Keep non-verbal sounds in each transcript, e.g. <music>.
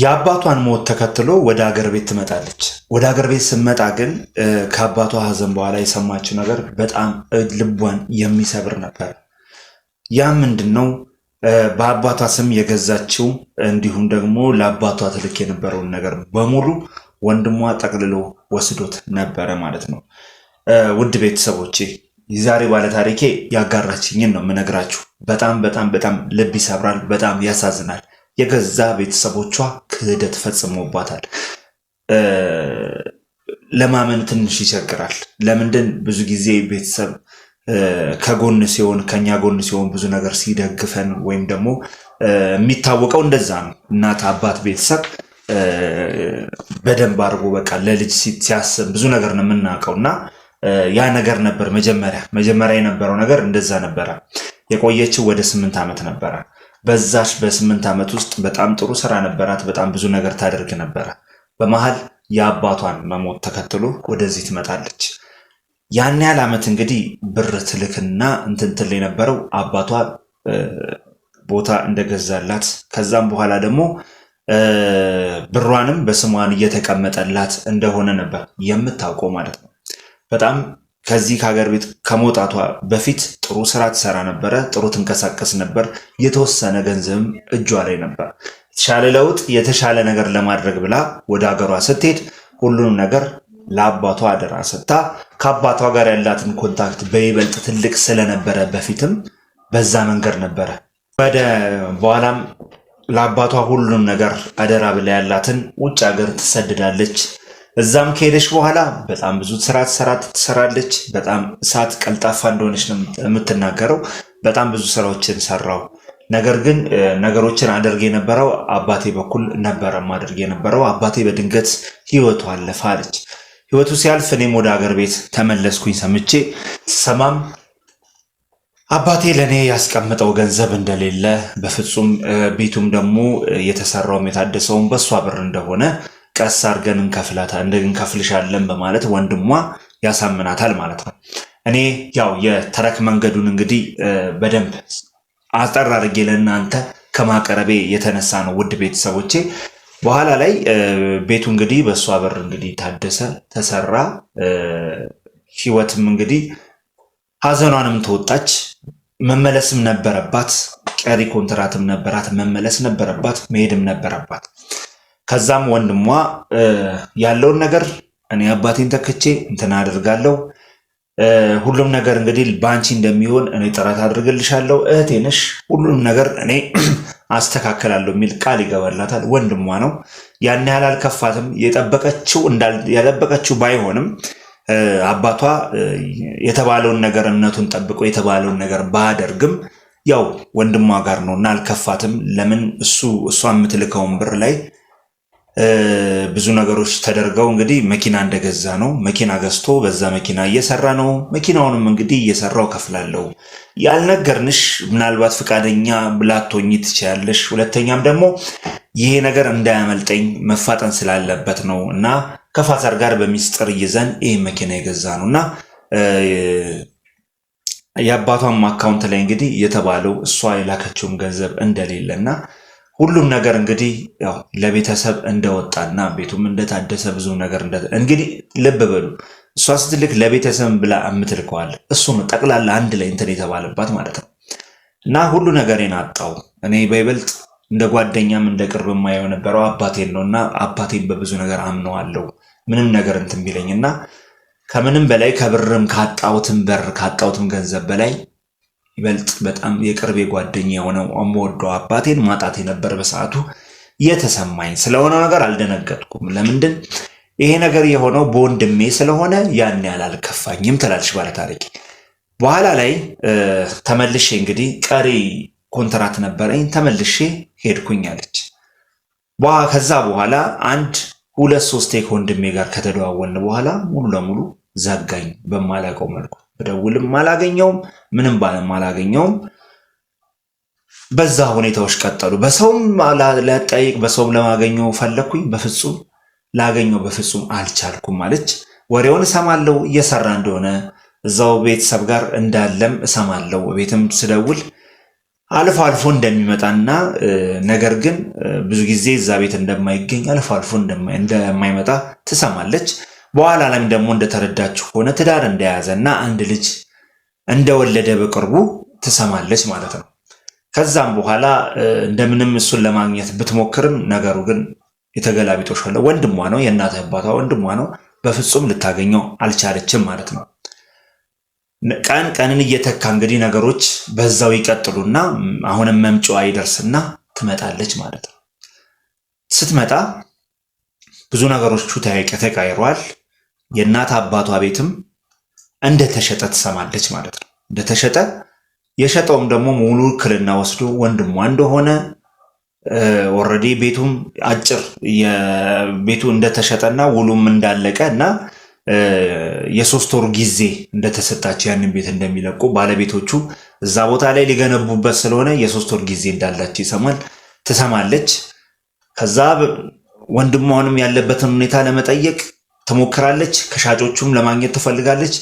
የአባቷን ሞት ተከትሎ ወደ አገር ቤት ትመጣለች። ወደ አገር ቤት ስትመጣ ግን ከአባቷ ሐዘን በኋላ የሰማችው ነገር በጣም ልቧን የሚሰብር ነበር። ያ ምንድን ነው? በአባቷ ስም የገዛችው እንዲሁም ደግሞ ለአባቷ ትልክ የነበረውን ነገር በሙሉ ወንድሟ ጠቅልሎ ወስዶት ነበረ ማለት ነው። ውድ ቤተሰቦቼ የዛሬ ባለታሪኬ ያጋራችኝን ነው የምነግራችሁ። በጣም በጣም በጣም ልብ ይሰብራል። በጣም ያሳዝናል። የገዛ ቤተሰቦቿ ክህደት ፈጽሞባታል። ለማመን ትንሽ ይቸግራል። ለምንድን ብዙ ጊዜ ቤተሰብ ከጎን ሲሆን ከኛ ጎን ሲሆን ብዙ ነገር ሲደግፈን ወይም ደግሞ የሚታወቀው እንደዛ ነው። እናት አባት፣ ቤተሰብ በደንብ አድርጎ በቃ ለልጅ ሲያስብ ብዙ ነገር ነው የምናውቀው እና ያ ነገር ነበር መጀመሪያ መጀመሪያ የነበረው ነገር እንደዛ ነበረ። የቆየችው ወደ ስምንት ዓመት ነበረ። በዛች በስምንት ዓመት ውስጥ በጣም ጥሩ ስራ ነበራት። በጣም ብዙ ነገር ታደርግ ነበረ። በመሀል የአባቷን መሞት ተከትሎ ወደዚህ ትመጣለች። ያን ያህል ዓመት እንግዲህ ብር ትልክና እንትንትል የነበረው አባቷ ቦታ እንደገዛላት ከዛም በኋላ ደግሞ ብሯንም በስሟን እየተቀመጠላት እንደሆነ ነበር የምታውቀው ማለት ነው። በጣም ከዚህ ከሀገር ቤት ከመውጣቷ በፊት ጥሩ ስራ ትሰራ ነበረ፣ ጥሩ ትንቀሳቀስ ነበር። የተወሰነ ገንዘብም እጇ ላይ ነበር። የተሻለ ለውጥ፣ የተሻለ ነገር ለማድረግ ብላ ወደ ሀገሯ ስትሄድ ሁሉንም ነገር ለአባቷ አደራ ሰጥታ ከአባቷ ጋር ያላትን ኮንታክት በይበልጥ ትልቅ ስለነበረ በፊትም በዛ መንገድ ነበረ። ወደ በኋላም ለአባቷ ሁሉንም ነገር አደራ ብላ ያላትን ውጭ ሀገር ትሰድዳለች። እዛም ከሄደች በኋላ በጣም ብዙ ስራ ትሰራለች። በጣም እሳት ቀልጣፋ እንደሆነች ነው የምትናገረው። በጣም ብዙ ስራዎችን ሰራው። ነገር ግን ነገሮችን አደርግ የነበረው አባቴ በኩል ነበረ ማድረግ የነበረው። አባቴ በድንገት ህይወቱ አለፈ አለች። ህይወቱ ሲያልፍ እኔም ወደ አገር ቤት ተመለስኩኝ። ሰምቼ ሰማም አባቴ ለእኔ ያስቀምጠው ገንዘብ እንደሌለ በፍጹም ቤቱም ደግሞ የተሰራውም የታደሰውም በእሷ ብር እንደሆነ ቀስ አድርገን እንከፍላታ እንከፍልሻለን በማለት ወንድሟ ያሳምናታል ማለት ነው። እኔ ያው የተረክ መንገዱን እንግዲህ በደንብ አጠር አድርጌ ለእናንተ ከማቀረቤ የተነሳ ነው ውድ ቤተሰቦቼ። በኋላ ላይ ቤቱ እንግዲህ በእሷ በር እንግዲህ ታደሰ ተሰራ። ህይወትም እንግዲህ ሀዘኗንም ተወጣች። መመለስም ነበረባት። ቀሪ ኮንትራትም ነበራት። መመለስ ነበረባት። መሄድም ነበረባት። ከዛም ወንድሟ ያለውን ነገር እኔ አባቴን ተክቼ እንትን አደርጋለሁ ሁሉም ነገር እንግዲህ በአንቺ እንደሚሆን እኔ ጥረት አድርግልሻለሁ፣ እህቴ ነሽ፣ ሁሉንም ነገር እኔ <clears throat> አስተካከላለሁ የሚል ቃል ይገባላታል። ወንድሟ ነው ያን ያህል አልከፋትም። የጠበቀችው ያጠበቀችው ባይሆንም አባቷ የተባለውን ነገር እምነቱን ጠብቆ የተባለውን ነገር ባያደርግም ያው ወንድሟ ጋር ነው እና አልከፋትም። ለምን እሱ እሷ የምትልከውን ብር ላይ ብዙ ነገሮች ተደርገው እንግዲህ መኪና እንደገዛ ነው። መኪና ገዝቶ በዛ መኪና እየሰራ ነው። መኪናውንም እንግዲህ እየሰራው ከፍላለው። ያልነገርንሽ ምናልባት ፍቃደኛ ብላቶኝ ትችላለሽ። ሁለተኛም ደግሞ ይሄ ነገር እንዳያመልጠኝ መፋጠን ስላለበት ነው እና ከፋዘር ጋር በሚስጥር ይዘን ይህ መኪና የገዛ ነው እና የአባቷም አካውንት ላይ እንግዲህ የተባለው እሷ የላከችውም ገንዘብ እንደሌለና ሁሉም ነገር እንግዲህ ያው ለቤተሰብ እንደወጣና ቤቱም እንደታደሰ ብዙ ነገር እንግዲህ ልብ በሉ። እሷ ስትልክ ለቤተሰብ ብላ የምትልከዋል እሱ ነው ጠቅላላ አንድ ላይ እንትን የተባለባት ማለት ነው። እና ሁሉ ነገሬን አጣው እኔ በይበልጥ እንደ ጓደኛም እንደ ቅርብ የማየው ነበረው አባቴን ነው እና አባቴን በብዙ ነገር አምነዋለው። ምንም ነገር እንትን ቢለኝ እና ከምንም በላይ ከብርም ካጣውትም በር ካጣውትም ገንዘብ በላይ ይበልጥ በጣም የቅርቤ ጓደኛ የሆነው የምወደው አባቴን ማጣት የነበር በሰዓቱ የተሰማኝ ስለሆነው ነገር አልደነገጥኩም። ለምንድን ይሄ ነገር የሆነው በወንድሜ ስለሆነ ያን ያህል አልከፋኝም ትላለች ባለታሪክ። በኋላ ላይ ተመልሼ እንግዲህ ቀሪ ኮንትራት ነበረኝ ተመልሼ ሄድኩኝ አለች። ከዛ በኋላ አንድ ሁለት ሶስቴ ከወንድሜ ጋር ከተደዋወልን በኋላ ሙሉ ለሙሉ ዘጋኝ። በማላውቀው መልኩ በደውልም አላገኘውም፣ ምንም ባለም አላገኘውም። በዛ ሁኔታዎች ቀጠሉ። በሰውም ለጠይቅ በሰውም ለማገኘው ፈለግኩኝ፣ በፍጹም ላገኘው በፍጹም አልቻልኩም አለች። ወሬውን እሰማለው እየሰራ እንደሆነ እዛው ቤተሰብ ጋር እንዳለም እሰማለው። ቤትም ስደውል አልፎ አልፎ እንደሚመጣና ነገር ግን ብዙ ጊዜ እዛ ቤት እንደማይገኝ አልፎ አልፎ እንደማይመጣ ትሰማለች። በኋላ ላይም ደግሞ እንደተረዳችሁ ከሆነ ትዳር እንደያዘና አንድ ልጅ እንደወለደ በቅርቡ ትሰማለች ማለት ነው። ከዛም በኋላ እንደምንም እሱን ለማግኘት ብትሞክርም ነገሩ ግን የተገላቢጦሽ ሆነ። ወንድሟ ነው፣ የእናትህ አባቷ ወንድሟ ነው። በፍጹም ልታገኘው አልቻለችም ማለት ነው። ቀን ቀንን እየተካ እንግዲህ ነገሮች በዛው ይቀጥሉና አሁንም መምጫዋ ይደርስና ትመጣለች ማለት ነው። ስትመጣ ብዙ ነገሮቹ ተቀይሯል። የእናት አባቷ ቤትም እንደተሸጠ ትሰማለች ማለት ነው። እንደተሸጠ የሸጠውም ደግሞ ሙሉ ውክልና ወስዶ ወንድሟ እንደሆነ ኦልሬዲ ቤቱም አጭር ቤቱ እንደተሸጠና ውሉም እንዳለቀ እና የሶስት ወር ጊዜ እንደተሰጣቸው ያንን ቤት እንደሚለቁ ባለቤቶቹ እዛ ቦታ ላይ ሊገነቡበት ስለሆነ የሶስት ወር ጊዜ እንዳላቸው ይሰማል ትሰማለች። ከዛ ወንድሟንም ያለበትን ሁኔታ ለመጠየቅ ትሞክራለች። ከሻጮቹም ለማግኘት ትፈልጋለች።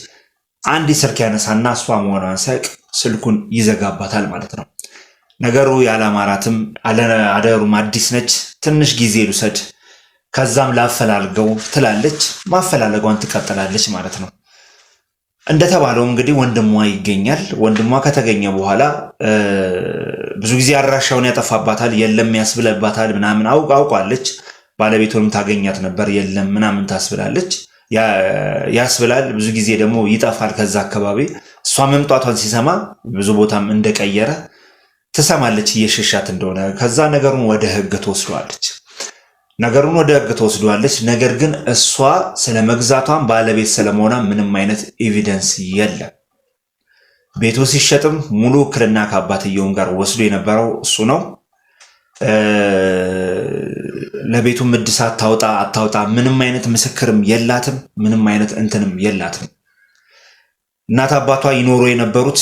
አንድ ስልክ ያነሳና እሷ መሆኗን ሳያውቅ ስልኩን ይዘጋባታል ማለት ነው። ነገሩ ያለማራትም አደሩም አዲስ ነች። ትንሽ ጊዜ ልውሰድ ከዛም ላፈላልገው ትላለች። ማፈላለጓን ትቀጥላለች ማለት ነው። እንደተባለው እንግዲህ ወንድሟ ይገኛል። ወንድሟ ከተገኘ በኋላ ብዙ ጊዜ አድራሻውን ያጠፋባታል፣ የለም ያስብለባታል ምናምን አውቃለች። ባለቤቱንም ታገኛት ነበር። የለም ምናምን ታስብላለች፣ ያስብላል። ብዙ ጊዜ ደግሞ ይጠፋል ከዛ አካባቢ። እሷ መምጣቷን ሲሰማ ብዙ ቦታም እንደቀየረ ትሰማለች፣ እየሸሻት እንደሆነ። ከዛ ነገሩን ወደ ህግ ትወስደዋለች ነገሩን ወደ ህግ ተወስደዋለች። ነገር ግን እሷ ስለ መግዛቷን ባለቤት ስለመሆኗ ምንም አይነት ኤቪደንስ የለም። ቤቱ ሲሸጥም ሙሉ ውክልና ከአባትየውም ጋር ወስዶ የነበረው እሱ ነው። ለቤቱም እድሳት ታውጣ አታውጣ ምንም አይነት ምስክርም የላትም። ምንም አይነት እንትንም የላትም። እናት አባቷ ይኖሩ የነበሩት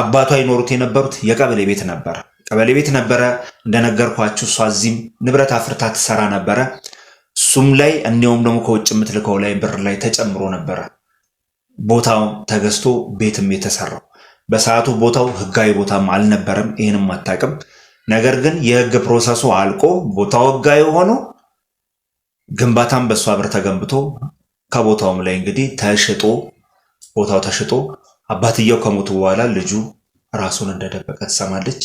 አባቷ ይኖሩት የነበሩት የቀበሌ ቤት ነበረ። ቀበሌ ቤት ነበረ እንደነገርኳችሁ። እሷ እዚህም ንብረት አፍርታ ትሰራ ነበረ። እሱም ላይ እንዲያውም ደግሞ ከውጭ የምትልከው ላይ ብር ላይ ተጨምሮ ነበረ። ቦታው ተገዝቶ ቤትም የተሰራው በሰዓቱ ቦታው ህጋዊ ቦታም አልነበረም። ይህንም አታውቅም። ነገር ግን የህግ ፕሮሰሱ አልቆ ተወጋዩ የሆኑ ግንባታም በእሷ ብር ተገንብቶ ከቦታውም ላይ እንግዲህ ተሽጦ ቦታው ተሽጦ አባትየው ከሞቱ በኋላ ልጁ ራሱን እንደደበቀ ትሰማለች።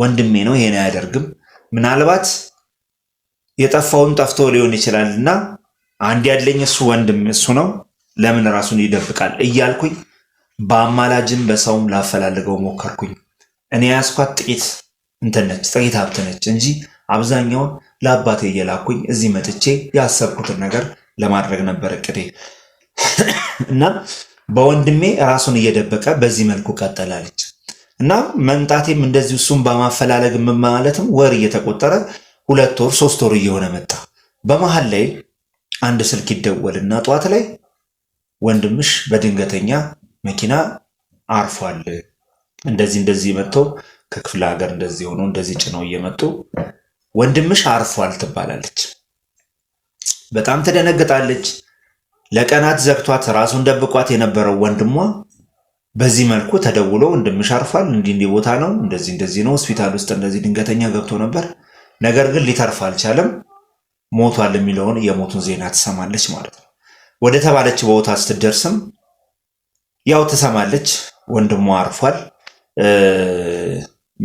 ወንድሜ ነው ይሄን አያደርግም። ምናልባት የጠፋውን ጠፍቶ ሊሆን ይችላል እና አንድ ያለኝ እሱ ወንድም እሱ ነው ለምን ራሱን ይደብቃል እያልኩኝ በአማላጅም በሰውም ላፈላልገው ሞከርኩኝ። እኔ ያስኳት ጥቂት እንትን ጥቂት ሀብት ነች እንጂ አብዛኛውን ለአባቴ እየላኩኝ እዚህ መጥቼ ያሰብኩትን ነገር ለማድረግ ነበር እቅዴ። <coughs> እና በወንድሜ ራሱን እየደበቀ በዚህ መልኩ ቀጠላለች እና መምጣቴም እንደዚህ እሱም በማፈላለግ ማለትም ወር እየተቆጠረ ሁለት ወር ሶስት ወር እየሆነ መጣ። በመሀል ላይ አንድ ስልክ ይደወልና ጠዋት ላይ ወንድምሽ በድንገተኛ መኪና አርፏል እንደዚህ እንደዚህ መጥቶ ከክፍለ ሀገር እንደዚህ ሆኖ እንደዚህ ጭነው እየመጡ ወንድምሽ አርፏል ትባላለች። በጣም ትደነግጣለች። ለቀናት ዘግቷት ራሱን ደብቋት የነበረው ወንድሟ በዚህ መልኩ ተደውሎ ወንድምሽ አርፏል፣ እንዲህ እንዲህ ቦታ ነው፣ እንደዚህ እንደዚህ ነው፣ ሆስፒታል ውስጥ እንደዚህ ድንገተኛ ገብቶ ነበር፣ ነገር ግን ሊተርፍ አልቻለም፣ ሞቷል የሚለውን የሞቱን ዜና ትሰማለች ማለት ነው። ወደ ተባለች ቦታ ስትደርስም ያው ትሰማለች፣ ወንድሟ አርፏል።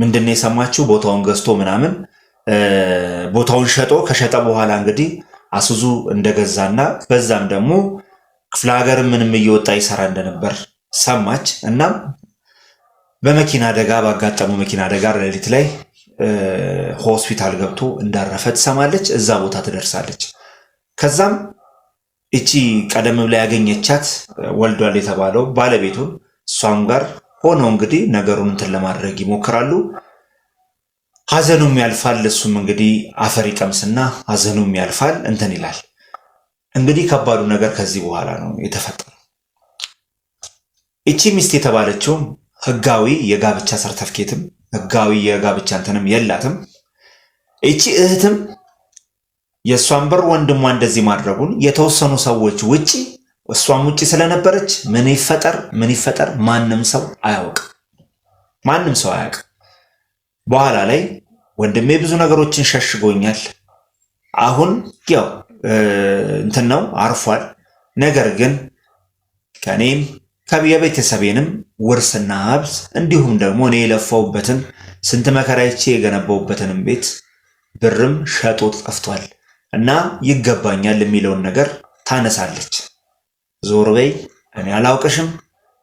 ምንድን የሰማችው ቦታውን ገዝቶ ምናምን ቦታውን ሸጦ ከሸጠ በኋላ እንግዲህ አሱዙ እንደገዛና በዛም ደግሞ ክፍለ ሀገር ምንም እየወጣ ይሰራ እንደነበር ሰማች። እናም በመኪና አደጋ ባጋጠመው መኪና አደጋ ሌሊት ላይ ሆስፒታል ገብቶ እንዳረፈ ትሰማለች። እዛ ቦታ ትደርሳለች። ከዛም እቺ ቀደም ብላ ያገኘቻት ወልዷል የተባለው ባለቤቱን እሷም ጋር ሆነው እንግዲህ ነገሩን እንትን ለማድረግ ይሞክራሉ። ሀዘኑም ያልፋል። እሱም እንግዲህ አፈር ይቀምስና ሀዘኑም ያልፋል እንትን ይላል። እንግዲህ ከባዱ ነገር ከዚህ በኋላ ነው የተፈጠረው። እቺ ሚስት የተባለችውም ህጋዊ የጋብቻ ሰርተፍኬትም ህጋዊ የጋብቻ እንትንም የላትም። እቺ እህትም የእሷን ብር ወንድሟ እንደዚህ ማድረጉን የተወሰኑ ሰዎች ውጪ እሷም ውጪ ስለነበረች ምን ይፈጠር ምን ይፈጠር ማንም ሰው አያውቅ ማንም ሰው አያውቅ? በኋላ ላይ ወንድሜ ብዙ ነገሮችን ሸሽጎኛል። አሁን ያው እንትን ነው አርፏል። ነገር ግን ከእኔም የቤተሰቤንም ውርስና ሀብት እንዲሁም ደግሞ እኔ የለፋውበትን ስንት መከራይቼ የገነባውበትንም ቤት ብርም ሸጦ ጠፍቷል እና ይገባኛል የሚለውን ነገር ታነሳለች። ዞር በይ፣ እኔ አላውቅሽም።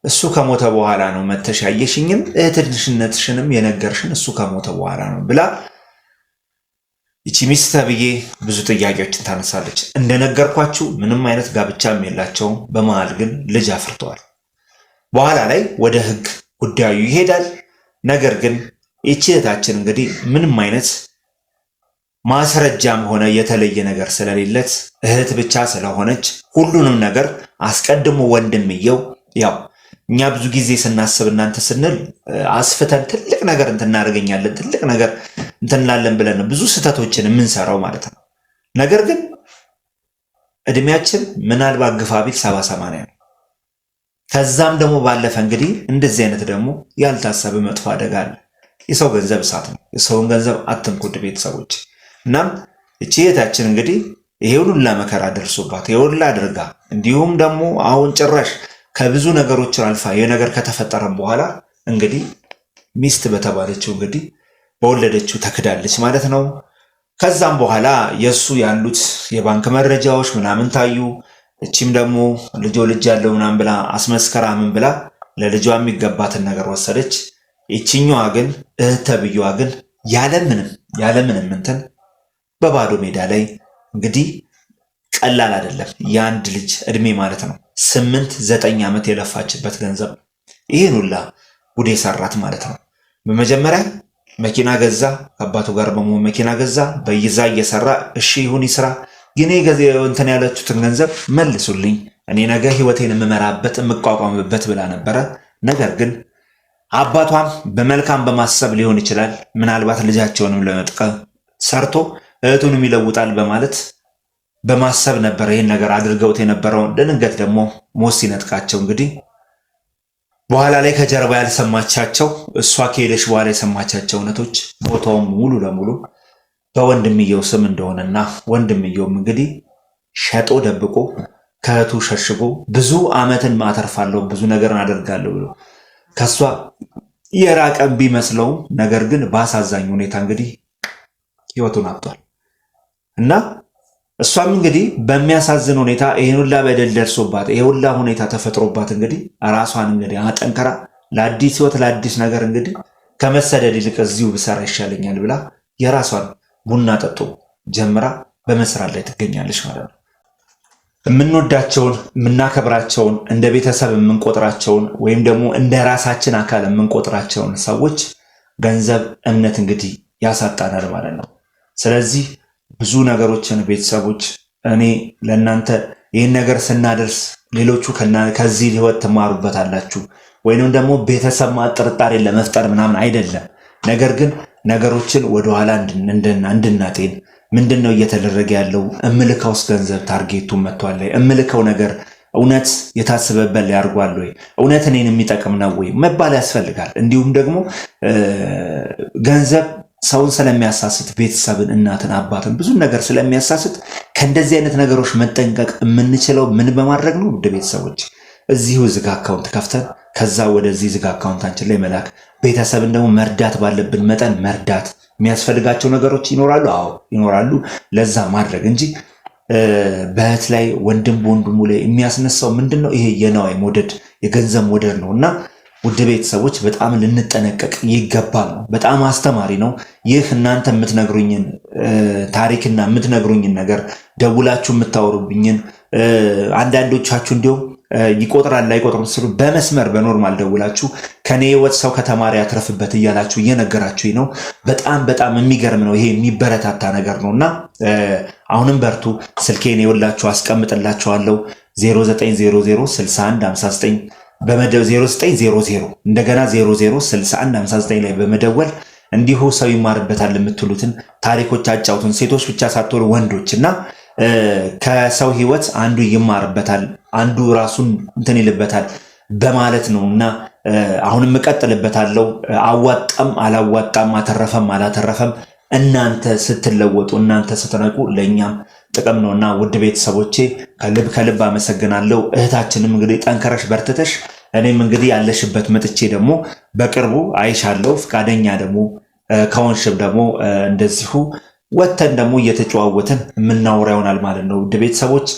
እሱ ከሞተ በኋላ ነው መተሽ ያየሽኝም እህትሽነትሽንም የነገርሽን እሱ ከሞተ በኋላ ነው ብላ ይቺ ሚስት ተብዬ ብዙ ጥያቄዎችን ታነሳለች። እንደነገርኳችሁ ምንም አይነት ጋብቻም የላቸውም። በመሃል ግን ልጅ አፍርተዋል። በኋላ ላይ ወደ ህግ ጉዳዩ ይሄዳል። ነገር ግን ይቺ እህታችን እንግዲህ ምንም አይነት ማስረጃም ሆነ የተለየ ነገር ስለሌለት እህት ብቻ ስለሆነች ሁሉንም ነገር አስቀድሞ ወንድምየው ያው እኛ ብዙ ጊዜ ስናስብ እናንተ ስንል አስፍተን ትልቅ ነገር እንትናደርገኛለን ትልቅ ነገር እንትንላለን ብለን ብዙ ስህተቶችን የምንሰራው ማለት ነው። ነገር ግን እድሜያችን ምናልባት ግፋ ቢል ሰባ ሰማንያ ነው። ከዛም ደግሞ ባለፈ እንግዲህ እንደዚህ አይነት ደግሞ ያልታሰበ መጥፎ አደጋ አለ። የሰው ገንዘብ እሳት ነው። የሰውን ገንዘብ አትንኩድ ቤተሰቦች። እናም እቺ እህታችን እንግዲህ ይሄ ሁላ መከራ ደርሶባት ይሄ ሁላ አድርጋ እንዲሁም ደግሞ አሁን ጭራሽ ከብዙ ነገሮች አልፋ ይሄ ነገር ከተፈጠረም በኋላ እንግዲህ ሚስት በተባለችው እንግዲህ በወለደችው ተክዳለች ማለት ነው። ከዛም በኋላ የእሱ ያሉት የባንክ መረጃዎች ምናምን ታዩ። እቺም ደግሞ ልጆ ልጅ ያለው ምናምን ብላ አስመስከራ ምን ብላ ለልጇ የሚገባትን ነገር ወሰደች። ይችኛዋ ግን እህት ተብዬዋ ግን ያለምንም ያለምንም እንትን በባዶ ሜዳ ላይ እንግዲህ ቀላል አይደለም። የአንድ ልጅ እድሜ ማለት ነው። ስምንት ዘጠኝ ዓመት የለፋችበት ገንዘብ ነው። ይህን ሁላ ጉድ የሰራት ማለት ነው። በመጀመሪያ መኪና ገዛ፣ ከአባቱ ጋር በመሆን መኪና ገዛ። በይዛ እየሰራ እሺ ይሁን ይስራ፣ ግን እንትን ያለችትን ገንዘብ መልሱልኝ፣ እኔ ነገ ህይወቴን የምመራበት የምቋቋምበት ብላ ነበረ። ነገር ግን አባቷም በመልካም በማሰብ ሊሆን ይችላል ምናልባት ልጃቸውንም ለመጥቀም ሰርቶ እህቱንም ይለውጣል በማለት በማሰብ ነበር ይህን ነገር አድርገውት የነበረውን። ድንገት ደግሞ ሞት ሲነጥቃቸው እንግዲህ በኋላ ላይ ከጀርባ ያልሰማቻቸው እሷ ከሄደች በኋላ የሰማቻቸው እውነቶች ቦታውም ሙሉ ለሙሉ በወንድምየው ስም እንደሆነና ወንድምየውም እንግዲህ ሸጦ ደብቆ ከእህቱ ሸሽጎ ብዙ ዓመትን ማተርፋለሁ ብዙ ነገርን አደርጋለሁ ብሎ ከእሷ የራቀን ቢመስለውም ነገር ግን በአሳዛኝ ሁኔታ እንግዲህ ህይወቱን አብቷል። እና እሷም እንግዲህ በሚያሳዝን ሁኔታ ይህን ሁላ በደል ደርሶባት ይህ ሁላ ሁኔታ ተፈጥሮባት እንግዲህ ራሷን እንግዲህ አጠንከራ ለአዲስ ህይወት ለአዲስ ነገር እንግዲህ ከመሰደድ ይልቅ እዚሁ ብሰራ ይሻለኛል ብላ የራሷን ቡና ጠጦ ጀምራ በመስራት ላይ ትገኛለች ማለት ነው። የምንወዳቸውን የምናከብራቸውን እንደ ቤተሰብ የምንቆጥራቸውን ወይም ደግሞ እንደ ራሳችን አካል የምንቆጥራቸውን ሰዎች ገንዘብ፣ እምነት እንግዲህ ያሳጣናል ማለት ነው። ስለዚህ ብዙ ነገሮችን ቤተሰቦች እኔ ለእናንተ ይህን ነገር ስናደርስ ሌሎቹ ከዚህ ህይወት ትማሩበት አላችሁ ወይንም ደግሞ ቤተሰብ ጥርጣሬ ለመፍጠር ምናምን አይደለም። ነገር ግን ነገሮችን ወደኋላ እንድናጤን ምንድን ነው እየተደረገ ያለው? እምልካውስ ገንዘብ ታርጌቱ መጥቷል? እምልከው ነገር እውነት የታሰበበት ላይ ወይ? እውነት እኔን የሚጠቅም ነው ወይ መባል ያስፈልጋል። እንዲሁም ደግሞ ገንዘብ ሰውን ስለሚያሳስት ቤተሰብን፣ እናትን፣ አባትን ብዙ ነገር ስለሚያሳስት ከእንደዚህ አይነት ነገሮች መጠንቀቅ የምንችለው ምን በማድረግ ነው? ውድ ቤተሰቦች እዚሁ ዝጋ አካውንት ከፍተን ከዛ ወደዚህ አካውንት አካውንታችን ላይ መላክ፣ ቤተሰብን ደግሞ መርዳት ባለብን መጠን መርዳት። የሚያስፈልጋቸው ነገሮች ይኖራሉ፣ አዎ ይኖራሉ። ለዛ ማድረግ እንጂ በእህት ላይ ወንድም በወንድሙ ላይ የሚያስነሳው ምንድን ነው? ይሄ የነዋይ መውደድ የገንዘብ መውደድ ነው እና ውድ ቤተሰቦች በጣም ልንጠነቀቅ ይገባል ነው። በጣም አስተማሪ ነው። ይህ እናንተ የምትነግሩኝን ታሪክና የምትነግሩኝን ነገር ደውላችሁ የምታወሩብኝን አንዳንዶቻችሁ እንዲሁም ይቆጥራል ላይቆጥርም ስሉ በመስመር በኖርማል ደውላችሁ ከኔ ህይወት ሰው ከተማሪ ያትረፍበት እያላችሁ እየነገራችሁ ነው። በጣም በጣም የሚገርም ነው። ይሄ የሚበረታታ ነገር ነው እና አሁንም በርቱ። ስልኬን የወላችሁ አስቀምጥላችኋለሁ 0900 በመደብ 0900 እንደገና 006159 ላይ በመደወል እንዲሁ ሰው ይማርበታል የምትሉትን ታሪኮች አጫውቱን። ሴቶች ብቻ ሳትሆኑ ወንዶች እና ከሰው ህይወት አንዱ ይማርበታል፣ አንዱ ራሱን እንትን ይልበታል በማለት ነው እና አሁንም እቀጥልበታለሁ። አዋጣም አላዋጣም፣ አተረፈም አላተረፈም እናንተ ስትለወጡ እናንተ ስትነቁ ለእኛም ጥቅም ነውና ውድ ቤተሰቦቼ ከልብ ከልብ አመሰግናለሁ። እህታችንም እንግዲህ ጠንከረሽ በርትተሽ እኔም እንግዲህ ያለሽበት መጥቼ ደግሞ በቅርቡ አይሻለሁ። ፈቃደኛ ደግሞ ከሆንሽም ደግሞ እንደዚሁ ወተን ደግሞ እየተጨዋወትን የምናወራ ይሆናል ማለት ነው። ውድ ቤተሰቦች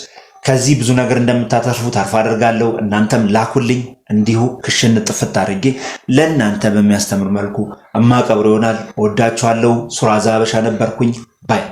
ከዚህ ብዙ ነገር እንደምታተርፉ ተስፋ አደርጋለሁ። እናንተም ላኩልኝ እንዲሁ ክሽን ጥፍት አድርጌ ለእናንተ በሚያስተምር መልኩ እማቀብር ይሆናል። ወዳችኋለሁ። ሱራዛ ሀበሻ ነበርኩኝ ባይ